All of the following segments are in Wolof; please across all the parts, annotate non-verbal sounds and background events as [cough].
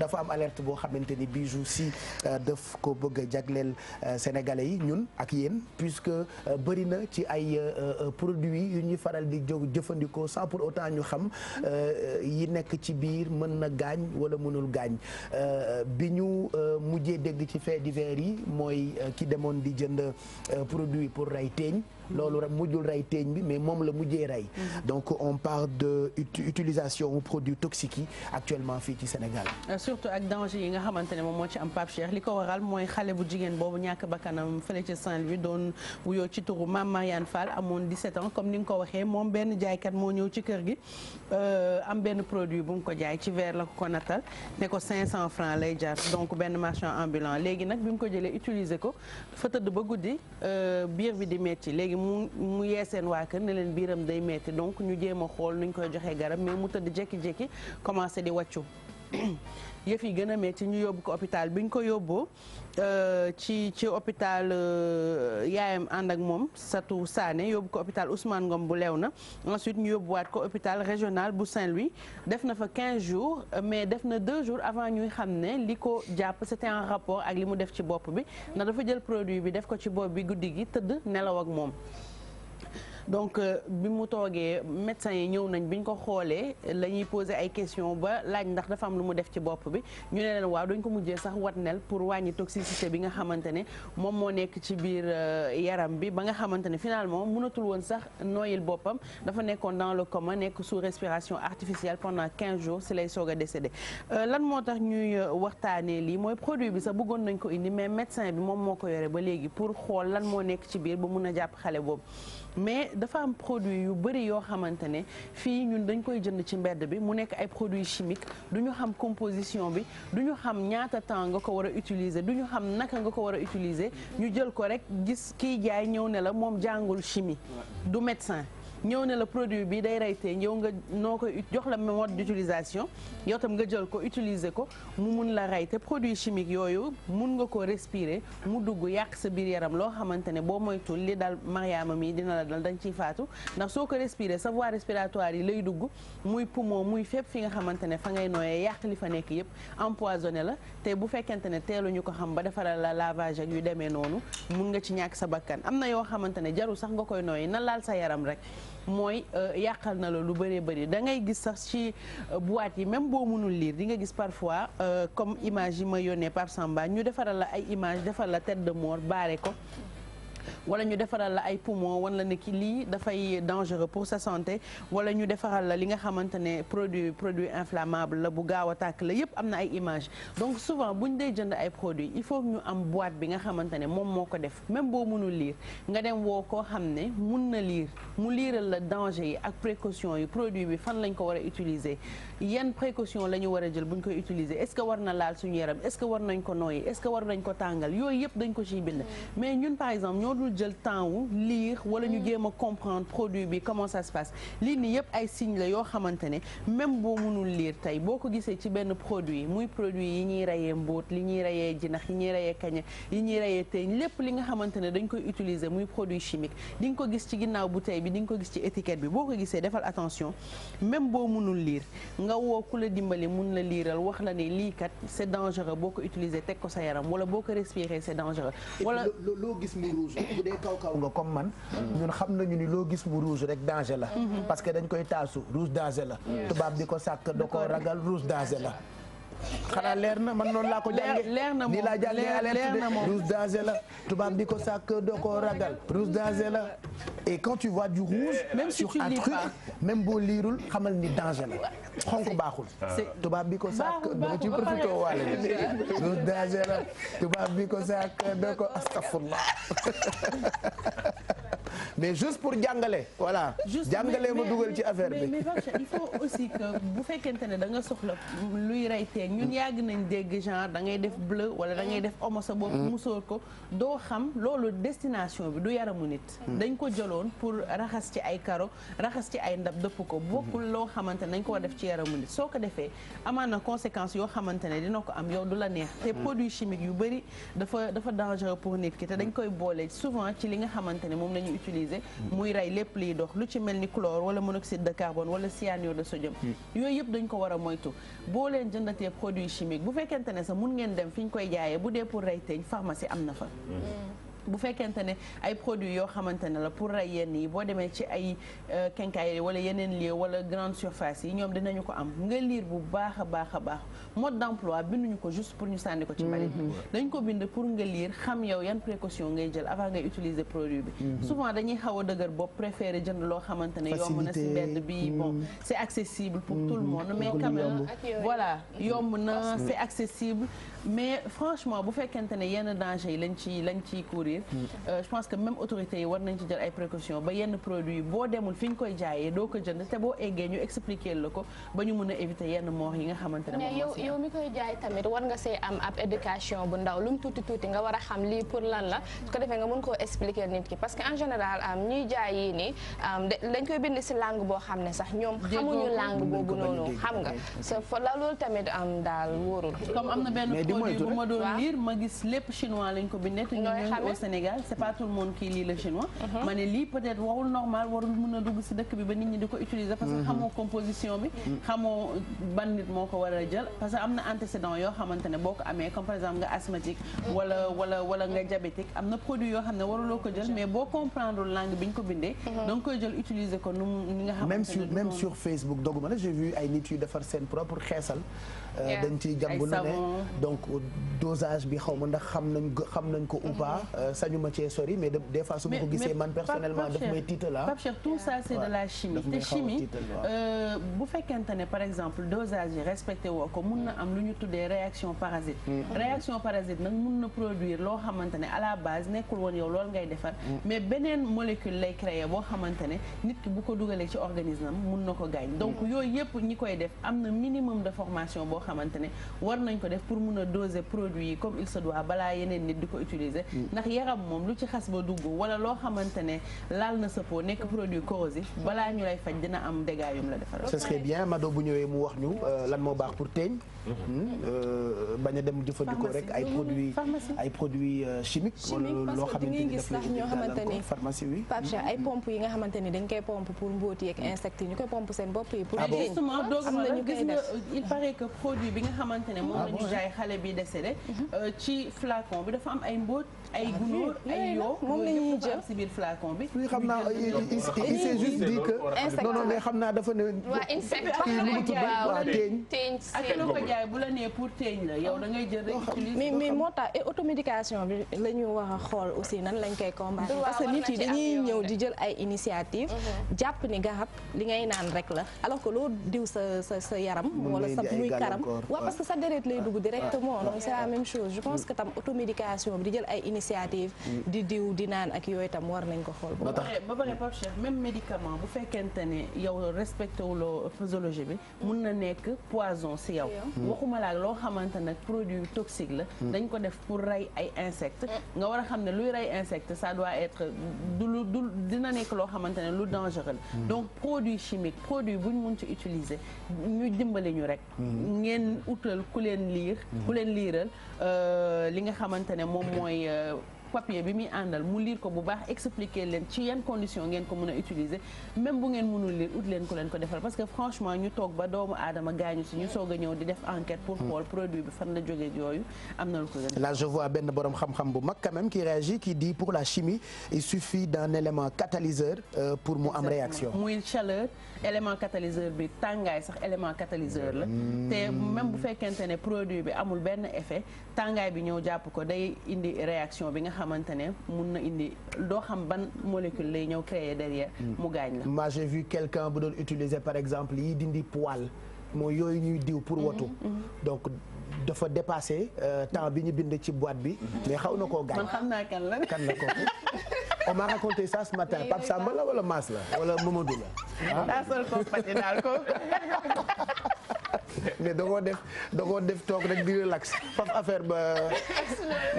dafa am alerte boo xamante ni Bijou si euh, daf ko bëgg a jagleel euh, sénégalais yi ñun ak yéen puisque euh, bëri na ci ay produits yu ñuy faral di jóg jëfandikoo sans pour autant ñu xam yi nekk ci biir mën na gaañ wala mënul gaañ bi ñu mujjee dégg ci di divers yi mooy ki demoon di jënd produit pour rey teeñ loolu mujjul rey teeñ bi mais moom la mujjee rey mhm. donc on parle de utilisation produits toxiques yi actuellement fii ci Sénégal euh, surtout ak danger yi nga xamante ne moom moo ci am Pape Cheikh li ko waral mooy xale bu jigéen boobu ñàkk bakkanam fële ci Saint-Louis doon wuyoo ci turu Mame Mariane Fall amoon 17 ans comme ni nga ko waxee moom benn jaaykat moo ñëw ci kër gi euh, am benn produit bu mu ko jaay ci verre la ko ko nattal ne ko 500 francs lay jar donc benn marchand ambulant léegi nag bi mu ko jëlee utiliser ko ba guddi euh, biir mu mu yee seen waa kër ne leen biiram day metti donc ñu jéem a xool nuñ koy joxee garab mais mu tëdd jékki-jékki commencé di wàccu [coughs] yëf yi gën a metti ñu yóbbu ko hôpital bi ñu ko yóbboo euh, ci ci hôpital euh, yaayam ànd ak moom Satou Sané yóbbu ko hôpital Ousmane Ngom bu leew na ensuite ñu yóbbuwaat ko hôpital régional bu Saint-Louis def na fa 15 jours mais def na deux jours avant ñuy xam ne li ko jàpp c'était en rapport ak li mu def ci bopp bi ndax dafa jël produit bi def ko ci bopp bi guddi gi tëdd nelaw ak moom donc euh, bi mu toogee médecins yi ñëw nañ bi ñu ko xoolee la ñuy posé ay question ba laaj ndax dafa am lu mu def ci bopp bi ñu ne leen waaw dañ ko mujjee sax watnel pour wàññi toxicité bi nga xamante ne moom moo nekk ci biir euh, yaram bi ba nga xamante ne finalement mënatul woon sax nooyil boppam dafa nekkoon dans le coma nekk sous respiration artificielle pendant 15 jours si lay soog a décédé euh, lan moo tax ñuy waxtaanee lii mooy produit bi sax bëggoon nañ ko indi mais médecin bi moom moo ko yore ba léegi pour xool lan moo nekk biir ba mun a jàpp xale boobu mais dafa am produits yu bëri yoo xamante ne fii ñun dañ koy jënd ci mbedd bi mu nekk ay produits chimiques du ñu xam composition bi du ñu xam ñaata temps nga ko war a utiliser du ñu xam naka nga ko war a utiliser ñu jël ko rek gis kiy jaay ñëw ne la moom jàngul chimie du médecin ñëw ne la produit bii day rey tee ñëw nga noo ko jox la mode d'utilisation yow tam nga jël ko utiliser ko mu mun la rey te produit chimique yooyu mun nga koo respirer mu dugg yàq sa biir yaram loo xamante ne boo moytul li dal Mariama mi dina la dal dañ ciy faatu ndax soo ko respirer sa voie respiratoire yi lay dugg muy poumon muy fépp fi nga xamante ne fa ngay nooyee yàq li fa nekk yépp empoisonné la te bu fekkente ne teeluñu ko xam ba defaral la lavage ak yu demee noonu mun nga ci ñàkk sa bakkan am na yoo xamante ne jarul sax nga koy nooyi na laal sa yaram rek mooy euh, yàqal na la lu bëree bëri dangay gis sax ci euh, boîte yi même boo munul liir di nga gis parfois euh, comme image yi ma yónnee par Samba ñu defaral la ay image defal la tedd de baare ko wala ñu defaral la ay poumon wan la ne ki lii dafay dangereux pour sa santé wala ñu defaral la li nga xamante ne produit produit inflammable la bu gaaw a tàkk la yëpp am na ay image donc souvent bu ñu dee jënd ay produits il faut ñu am boîte bi nga xamante ne moom moo ko def même boo munul lire nga dem woo koo xam ne mun na liir mu liiral la danger yi ak précaution yi produit bi fan lañ ko war a utiliser yan précaution lañu war a jël buñ ñu koy utiliser est-ce que war na laal suñu yaram est-ce que war nañ ko nooyi est-ce que war nañ ko tàngal yooyu yëpp dañ ko ciy dul jël temps wu lire ñu mm. jéem comprendre produit bi comment ça se passe lii nii yëpp ay signes la yoo xamante ne même boo munul liir tey boo ko gisee ci benn produit muy produit yi ñuy reyee mbóot li ñuy reyee jinax yi ñuy reyee kaña yi ñuy reyee teeñ lépp li nga xamante ne dañ koy utiliser muy produit chimique di nga ko gis ci ginnaaw bu tey bi di nga ko gis ci étiquette bi boo ko gisee defal attention même boo munul liir nga woo ku la dimbali mun la liiral wax la ne lii kat c'est boo ko utiliser teg ko sa yaram wala boo ko respirer c'est dangereux wala bu dee kaw kaw nga comme man ñun xam nañu ni loo gis mu rouge rek danger la mhm. parce que dañ koy taasu rouge danger la tubaab di ko sàkk da ko ragal rouge danger la xanaa leer na man noonu laa ko jàngee leer na moom nii laa jàngee alerte de rouge danger la tubaab di ko sàkk doo ko ragal rouge danger la et quand tu vois du rouge même sur un truc boo liirul xamal ni danger la xonk baaxul tubaab bi [laughs] ko sàkk doo ci profité tubaab bi ko sàkk doo [laughs] mais juste pour jàngale voilà jàngale ma dugal ci affaire bi mais il faut aussi que bu fekkente ne da nga soxla luy rey teeg ñun yàgg nañ dégg genre da ngay def bleu wala da ngay def omo sa bopp musóor ko doo xam loolu destination bi du yaramu nit dañ ko jëloon pour raxas ci ay karo raxas ci ay ndab dëpp ko bokkul loo xamante ne dañ koo def ci yaramu nit soo ko defee amaan na conséquence yoo xamante ne dina ko am yow du la neex te produits chimiques yu bëri dafa dafa dangereux pour nit ki dañ koy boole souvent ci li nga xamante ne moom la ñu utiliser utiliser muy rey lépp liy dox lu ci mel ni chlore wala monoxide de carbone wala cyanure de sodium hmm. yooyu yëpp dañ ko war a moytu boo leen jëndatee produit chimique bu fekkente ne sax mun ngeen dem fi ñu koy jaayee bu dee pour rey teeñ pharmacie am na fa hmm. bu fekkente ne ay produits yoo xamante ne la pour rey yenn yi boo demee ci ay kenkaay euh, wala yeneen lieu wala grande surface yi ñoom dinañu ko am nga liir bu baax a baax a baax mode d'emploi binduñu ko juste pour ñu sànni ko ci mbalit bi mm-hmm. dañ ko bind pour nga liir xam yow yan précaution ngay jël avant ngay utiliser produit bi mm-hmm. souvent dañuy xaw a dëgër bopp préféré jënd loo xamante ne yomb na si mbedd bi bon mm-hmm. c'est accessible pour tout le monde mais quand même voilà yomb na c'est mais franchement bu fekkente ne yenn danger yi lañ ci lañ ciy courir. Hmm. Euh, je que même autorités yi war nañ ci jël ay précautions ba yenn produits boo demul fi ñu koy doo ko jënd te boo eggee ñu expliquer la ko ba ñu mun a éviter yenn moox yi nga xamante ne mais yow yow mi koy jaay tamit war nga see am ab éducation bu ndaw lu mu tuuti tuuti nga war a xam lii pour lan la ko defee nga mën koo expliquer nit ki parce que en général am ñuy jaay yii nii dañ koy bind si lang boo xam ne sax ñoom xamuñu langue boobu noonu xam nga sa fa la loolu tamit am daal wóorul di moytu bu ma doon lire ma gis lépp chinois lañ ko bindee te ñu ngi au Sénégal c'est pas tout le monde qui lit le chinois mhm. ma ne peut-être warul normal warul mën a dugg si dëkk bi ba nit ñi di ko utiliser parce que mhm. xamoo composition bi mhm. xamoo ban nit moo ko war a jël parce que am na antécédent yoo xamante ne boo ko amee comme par exemple nga asthmatique wala wala wala nga diabétique am na produit yoo xam ne waruloo ko jël mais boo comprendre langue bi ñu ko bindee da koy jël utiliser ko nu ni nga xamante ne même sur même sur Facebook doguma la j'ai vu ay nit yu defar seen propre xeesal euh, dañ ciy jàmb donc dosage bi xaw ma ndax xam nañ bu fekkente ne par exemple dosage yi respecté woo ko mun na mm. am lu ñu tuddee réaction parasite mm. réaction parasite nag mun na produire loo xamante ne à la base nekkul woon yow loolu ngay defar mm. mais beneen molécule lay créer boo xamante ne nit ki bu ko dugalee ci organisme am mun na ko gaañ donc yooyu yëpp ñi koy def am na minimum de formation boo xamante war nañ ko def pour mun a doser produit yi comme il se doit balaa yeneen nit di ko utiliser mm. ndax yaram moom lu ci xas ba dugg wala loo xamante ne laal na sa peau nekk produit corrosif mm. balaa ñu lay faj dina am dégâts la defaral euh, mm-hmm. hmm, euh, a mm-hmm. produits ay produits euh, chimiques wala loo xamante ni daf ñoo xamante ni pharmacie ay pompe yi nga xamante dañ koy pompe pour mbóoti yeeg mm. insectes ñu koy pompe seen bopp yi ah pour ah, justement doog na ñu gis nga il paraît que produit bi nga xamante ah moom la bi décédé ci flacon bi dafa am ay mbóot ay gunóor ay yoo moom la ñuy jël si biir flacon bi fii xam naa il s'est que non xam naa dafa ne waa teeñ teeñ ak la ko jaay bu la nee pour yow da ngay jël rek mais moo tax et bi la ñu war xool aussi nan lañ koy combattre parce que nit yi dañuy ñëw di jël ay initiative jàpp ni garab li ngay naan rek la alors que loo diw sa sa sa yaram wala sa muy karam waaw parce sa deret lay dugg directement exactement donc c'est la même chose mm. di naan ak yooyu tam war nañ ko xool ba pare Pape Cheikh bu fekkente ne yow respecté wuloo physiologie bi mm. mun na nekk poison si yow mm. waxuma laa loo xamante nag produit toxique la dañ ko def pour rey ay insectes nga war a xam ne luy rey insecte ça doit être du lu du dina nekk loo xamante ne lu dangereux la donc produit chimique produit bu ñu mun ci utiliser ñu dimbali ñu rek ngeen utal ku leen liir leen liiral euh, li nga xamante ne moom mooy euh, papier bi muy àndal mu liir ko bu baax expliquer leen ci yan condition ngeen ko mën a utiliser même bu ngeen mënul liir ut leen ko leen ko defal parce que franchement ñu toog ba doomu aadama gaañu si ñu soog ñëw di def enquête pour xool produit bi fan la jógee yooyu am na lu ko gën là benn borom xam-xam bu mag quand même qui réagit qui la chimie il suffit d'un élément euh, pour mu am réaction muy chaleur élément catalyseur bi tàngaay sax élément catalyseur la hmm. te même bu fekkente ne produit bi amul benn effet tàngaay bi ñëw jàpp ko day indi réaction bi nga xamante ne mun na indi doo xam ban molécule lay ñëw créer derrière hmm. mu gaañ la moi j'ai vu quelqu'un bu doon utiliser par exemple yi dindi poil mooy yooyu ñuy diw pour hmm. watu hmm. donc dafa dépassé euh, temps bi ñu bind ci boit bi mais xaw na ko gaañ man xam naa kan la kan la ko [laughs] on m'a raconté ça ce matin Pape Samba la wala Mass la wala Mamadou la daa sol ko pati daal ko [laughs] [laughs] mais da koo def def toog rek bi relax faf affaire ba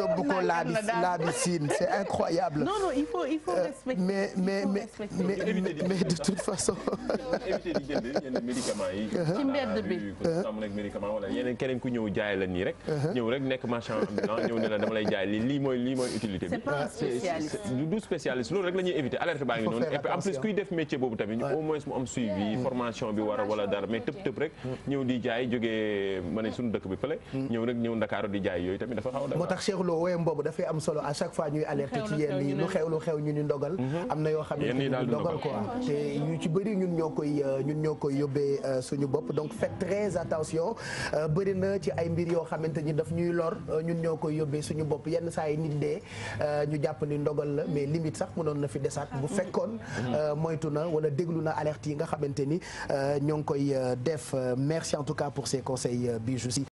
yóbbu ko laa bi laa bi siin c'est incroyable. Euh, mais mais mais mais de toute façon. éviter di yi. Uh-huh. ci mbedd bi ñëw jaay la nii rek. Uh-huh. ñëw rek nekk marchand ambulant ñëw ne la dama lay jaay lii mooy lii mooy utilité bi. c'est pas du spécialiste loolu rek la éviter alerte baa ngi noonu. et puis en plus kuy def métier boobu tamit au moins mu am suivi formation bi war a wala dara mais tëb tëb rek mm. ñëw di. di jaay jógee ma ne suñu dëkk bi fële hmm. ñëw nag ñëw ndakaaru di jaay yooyu tamit dafa xaw moo tax Cheikh Lo woyam boobu dafay am solo à chaque fois ñuy alerté ci yenn yi lu xew lu xew ñu ni ndogal hmm. am na yoo xam ne ñu ndogal quoi te yu ci bëri ñun ñoo koy euh, ñun ñoo koy yóbbee euh, suñu bopp donc faites très attention euh, bëri na ci ay mbir yoo xamante ni daf ñuy lor ñun ñoo koy yóbbee suñu bopp yenn saa yi nit dee ñu jàpp ni ndogal la mais limite sax mënoon na fi desaat ah, bu fekkoon hmm. moytu na wala déglu na alerte nga xamante ñoo koy def merci tout cas pour ces conseils euh, bi